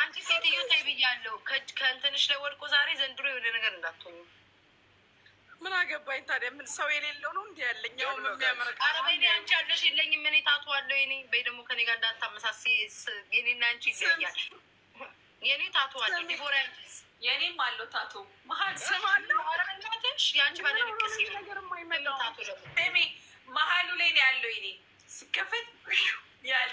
አንቺ ሴትዮ ተይ ብያለሁ። ከእንትንሽ ላይ ወድቆ ዛሬ ዘንድሮ የሆነ ነገር እንዳትሆኑ። ምን አገባኝ ታዲያ? ምን ሰው የሌለው ነው እንዲ ያለኝ ሁ የሚያመረቅ ኧረ በይ እኔ አንቺ ያለሽ የለኝም እኔ ታትዋለሁ የኔ በይ ደግሞ ከኔ ጋር እንዳታመሳሲ። የኔና አንቺ ይለያል። የኔ ታቱ አለ ዲቦራ፣ የኔም አለው ታቶ መሀል ስም አለው። ኧረ በእናትሽ የአንቺ ባለንቅስ ታቶ ደግሞ መሀሉ ላይ ነው ያለው። የኔ ሲከፈት ያለ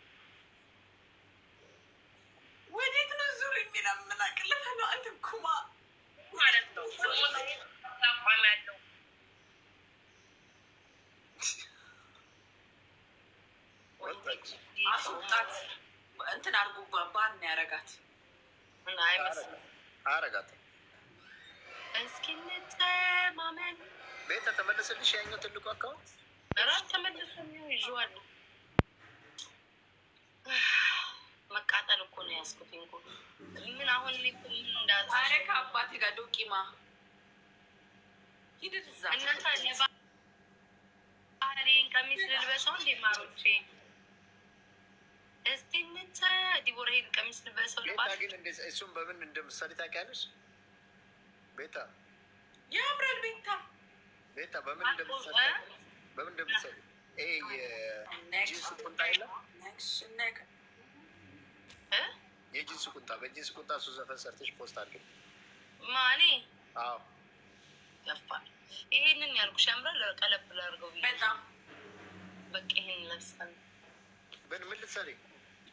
አድርጎ ባባን ያረጋት አረጋት እስኪንጠማመን ቤት ተመለሰልሽ። ያኛው ትልቁ አካውንት ራት ተመልሶ ይዋሉ መቃጠል እኮ ነው ያስኩት። እንኮ ምን አሁን እንዳረ ከአባት ጋር ዶቂማ ሂድት እናንተ ባህሬን ቀሚስ ልልበሰው እንዴ ማሮቼ እስቲ እንቻ ዲቦራ ቀሚስ ልበሰው ልባት ግን እሱም በምን ታውቂያለሽ? ቤታ ያምራል። ቤታ ቤታ በምን በምን ይሄ የጂንስ ቁንጣ የለም የጂንስ ቁንጣ በጂንስ ቁንጣ እሱ ዘፈን ሰርተሽ ፖስት ማኔ አዎ ይሄንን ያልኩሽ ያምራል። ቀለብ ላድርገው በጣም በቃ ይሄን ለብሳለሁ። ምን ምን ልትሰሪ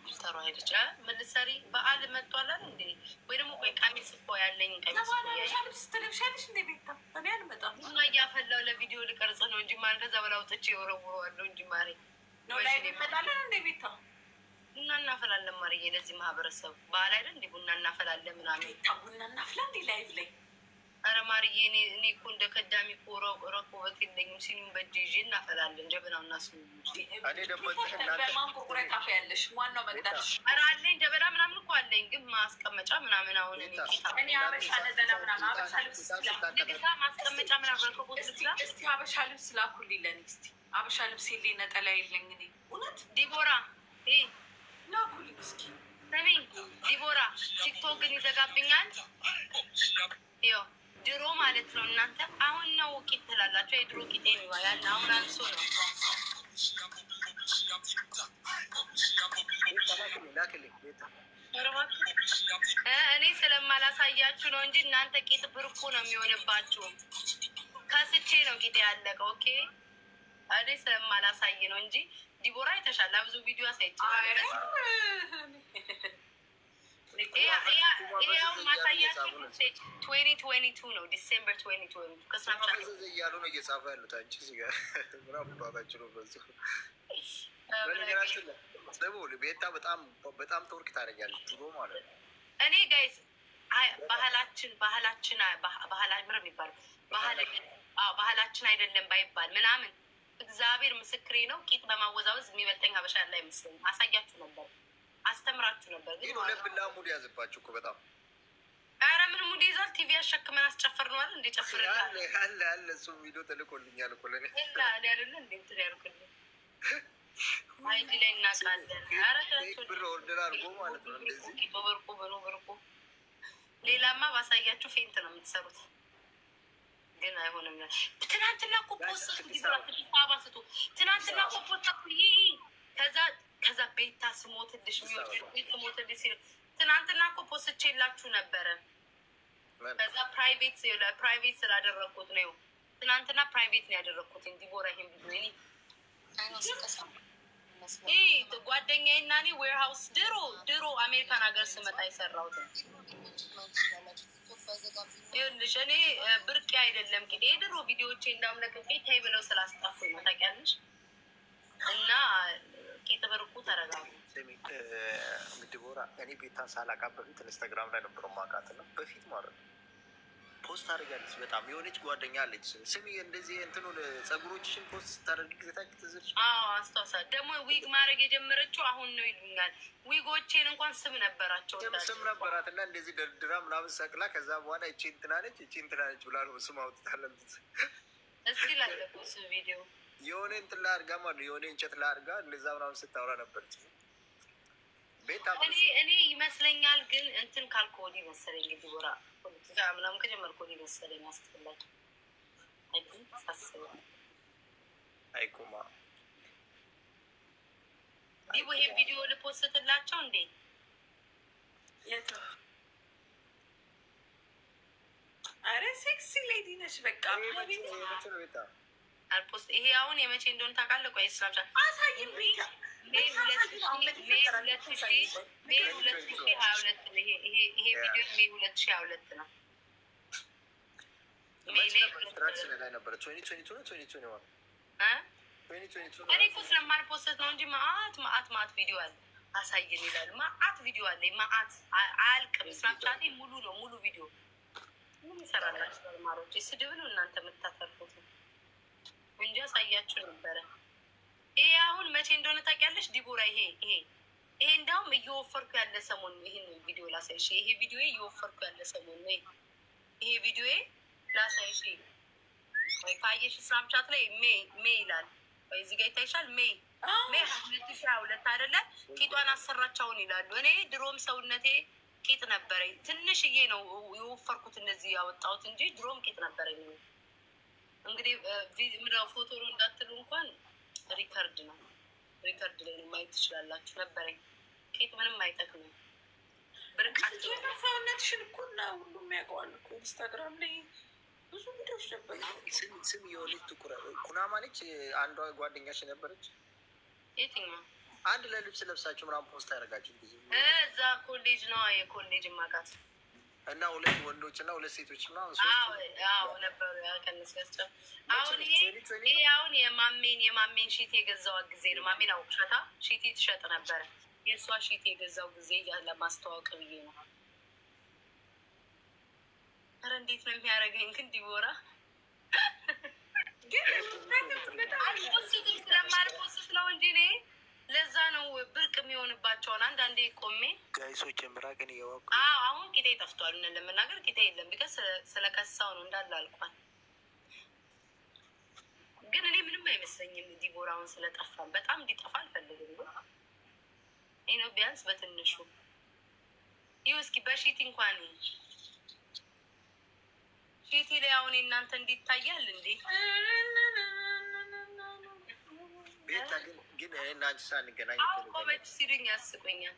ሚስተሯ ሄደች። ምን በዓል መጥቷል እንዴ? ወይ ደግሞ ቆይ ቀሚስ እኮ ያለኝ ቀሚስ እያፈላው ለቪዲዮ ልቀርጽ ነው እንጂ ማር ከዛ በላ ውጥቼ የወረውረዋለሁ እንጂ ማሪ ቡና እናፈላለን። ማርዬ ለዚህ ማህበረሰብ በዓል አይደል እንዴ? ቡና እናፈላለን ምናምን ቡና እናፍላ እንዴ ላይቭ ላይ ኧረ ማርዬ እኔ እኮ እንደ ከዳሚ እኮ ረኮበት የለኝም። ሲኒም በእጅ ይዤ እናፈላለን። ጀበናው እና ሲኒ አለኝ ጀበና ምናምን እኮ አለኝ፣ ግን ማስቀመጫ ምናምን አሁን እኔ ልግዛ ማስቀመጫ ምናምን ረኮቦት ልግዛ። እስኪ አበሻ ልብስ ላኩልኝ ለእኔ አበሻ ልብስ የለኝ፣ ነጠላ የለኝ። እኔ እውነት ዲቦራ ላኩልኝ እስኪ ስሚ ዲቦራ ግን ይዘጋብኛል። የምታውቋቸው የድሮ ጊዜ ነው ያለ። አሁን አንሶ ነው እኔ ስለማላሳያችሁ ነው እንጂ እናንተ ቂጥ ብርቁ ነው የሚሆንባችሁ። ከስቼ ነው ቂጥ ያለቀ። ኦኬ እኔ ስለማላሳይ ነው እንጂ ዲቦራ ይተሻላ ብዙ ቪዲዮ አሳይችላል ነው ዲሴምበር እያሉ ነው እየጻፉ ያሉት። አንቺ በነገራችን ደግሞ ቤታ በጣም በጣም ተወርቅ ታደርጊያለሽ ድሮ ማለት ነው። እኔ ጋይዝ ባህላችን ባህላችን ባህላ ምር የሚባል ባህላችን አይደለም ባይባል ምናምን እግዚአብሔር ምስክሬ ነው። ቂጥ በማወዛወዝ የሚበልጠኝ ሀበሻ ላይ ምስለኝ አሳያችሁ ነበር። አስተምራችሁ ነበር። ለብላ ሙድ ያዘባችሁ እኮ በጣም አረ፣ ምን ሙድ ይዛል? ቲቪ አሸክመን አስጨፈር ነዋል። እንደ ጨፍር ያለ አለ እሱ ቪዲዮ ተልኮልኛል እኮ ለእኔ ኦርደር ማለት ነው። ሌላማ ባሳያችሁ ፌንት ነው የምትሰሩት። ግን አይሆንም። ትናንትና እኮ ፖስት ትናንትና ኮፖስ ስሞትልሽ ስሞትልሽ ሲል ትናንትና እኮ ፖስቼ የላችሁ ነበረ። በዛ ፕራይቬት ፕራይቬት ስላደረግኩት ነው። ትናንትና ፕራይቬት ነው ያደረግኩት። ዲቦራ ይሄን ብዙ ኔ ጓደኛዬ እና እኔ ዌርሃውስ ድሮ ድሮ አሜሪካን ሀገር ስመጣ የሰራሁት ይኸውልሽ፣ እኔ ብርቅ አይደለም ግ የድሮ ቪዲዮዎቼ እንዳምለቅቄ ተይ ብለው ስላስጠፉ ነው ታውቂያለሽ። እና ቂጥ ብርቁ ተረጋጉ ስሚ ዲቦራ፣ እኔ ቤታን ሳላውቃት በፊት ኢንስታግራም ላይ ነበር የማውቃት ነው በፊት ማለት ነው። ፖስት አድርጋለች በጣም የሆነች ጓደኛ አለች። ስሚ እንደዚህ እንትኑን ጸጉሮችሽን ፖስት ስታደርግ ጊዜ ታች ትዝልሽ። አዎ አስታውሳት። ደግሞ ዊግ ማድረግ የጀመረችው አሁን ነው ይሉኛል። ዊጎቼን እንኳን ስም ነበራቸው ስም ነበራት እና እንደዚህ ደርድራ ምናምን ሰቅላ ከዛ በኋላ እቺ እንትናነች እቺ እንትናነች ብላ ነው ስም አውጥታለን። እስኪ ላለቁ ስም ቪዲዮ የሆነ እንትን ላርጋ ማለት የሆነ እንጨት ላርጋ እንደዛ ምናምን ስታወራ ነበረች። እኔ ይመስለኛል ግን እንትን ካልኩ ወዲህ መሰለኝ እንግዲህ ወራ ፖለቲካ ምናምን ከጀመርኩ ወዲህ መሰለኝ አስፈላጊ አይቁማ ዲቦ ይሄ ቪዲዮ ልፖስትላቸው እንዴ? አረ ሴክሲ ሌዲ ነሽ በቃ አልፖስት ይሄ አሁን የመቼ እንደሆነ ታውቃለህ? ቆይ ስናብቻት አሳይም እኔ እኮ ስለማልፖስት ነው እንጂ መአት መአት መአት ቪዲዮ አለ። አሳይን ይላል። መአት ቪዲዮ አለ። መአት አያልቅም። ስናብቻት ሙሉ ነው ሙሉ ቪዲዮ ምን ይሰራላችሁ? ማሮች ስድብ ነው እናንተ የምታተርፉት ነው እንጂ አሳያችሁ ነበረ። ይሄ አሁን መቼ እንደሆነ ታውቂያለሽ ዲቦራ? ይሄ ይሄ ይሄ እንዳውም እየወፈርኩ ያለ ሰሞን ይህን ቪዲዮ ላሳይሽ። ይሄ ቪዲዮ እየወፈርኩ ያለ ሰሞን ነው። ይሄ ቪዲዮ ላሳይሽ ወይ ካየሽ ስናፕቻት ላይ ሜ ሜ ይላል ወይ እዚህ ጋር ይታይሻል። ሜ ሜ ሁለት ሺ ሁለት አይደለ? ቂጧን አሰራቻውን ይላሉ። እኔ ድሮም ሰውነቴ ቂጥ ነበረኝ። ትንሽዬ ነው የወፈርኩት እንደዚህ ያወጣሁት እንጂ ድሮም ቂጥ ነበረኝ። እንግዲህ ምዳው ፎቶ ነው እንዳትሉ እንኳን ሪከርድ ነው፣ ሪከርድ ላይ ነው ማየት ትችላላችሁ። ነበረኝ ኬት ምንም አይጠቅምም። ብርቃሰውነትሽን እኮ እና ሁሉም ያውቀዋል እኮ ኢንስታግራም ላይ ብዙ ቪዲዮች ነበር። ስም የሆነች ኩናማ ነች፣ አንዷ ጓደኛሽ ነበረች። የትኛው አንድ ላይ ልብስ ለብሳችሁ ምናምን ፖስት ያደርጋችሁ ጊዜ እዛ ኮሌጅ ነው የኮሌጅ ማቃት እና ሁለት ወንዶች እና ሁለት ሴቶች እና ነበሩ ያቀንስቸው። አሁን ይሄ አሁን የማሜን የማሜን ሺት የገዛዋ ጊዜ ነው። ማሜን አውቅሻታ ሺት ትሸጥ ነበረ። የእሷ ሺት የገዛው ጊዜ ለማስተዋወቅ ብዬ ነው። ኧረ እንዴት ነው የሚያደርገኝ ግን ዲቦራ ግን ስለማልፖስት ነው እንጂ ለዛ ነው ብርቅ የሚሆንባቸውን አንዳንዴ ቆሜ ጋይሶች የምራ ግን እየዋቁ አሁን ቂጤ ጠፍቷል። እነ ለመናገር ቂጤ የለም ቢቀር ስለከሳው ነው እንዳለ አልቋል። ግን እኔ ምንም አይመስለኝም ዲቦራውን ስለጠፋም በጣም እንዲጠፋ አልፈልግም። ይህ ነው ቢያንስ በትንሹ ይህ እስኪ በሺቲ እንኳን ሺቲ ላይ አሁን እናንተ እንዲታያል እንዴ ቤታ ግን ግን እኔ እና አንቺ ሳንገናኝ ቆመች ሲሉኝ ያስቆኛል።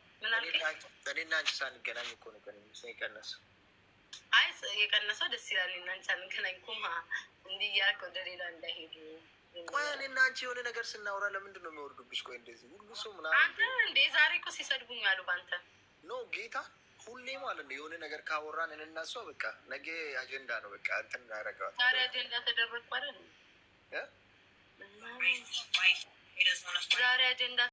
እኔ እና አንቺ ሳንገናኝ እኮ ነው የቀነሰው። አይ የቀነሰው ደስ ይላል። እና አንቺ ሳንገናኝ ኩማ እንዲህ እያልክ ወደ ሌላ እንዳይሄዱ። ቆይ እኔ እና አንቺ የሆነ ነገር ስናወራ ለምንድን ነው የሚወርዱብሽ? ቆይ እንደዚህ ሁሉ ሰው ምናምን አንተ እንዴ ዛሬ እኮ ሲሰድቡኝ አሉ በአንተ ኖ ጌታ ሁሌ ማለት ነው የሆነ ነገር ካወራን እንናሷ በቃ ነገ አጀንዳ ነው በቃ እንትን ያደረገዋል። ዛሬ አጀንዳ ተደረግ It is one of.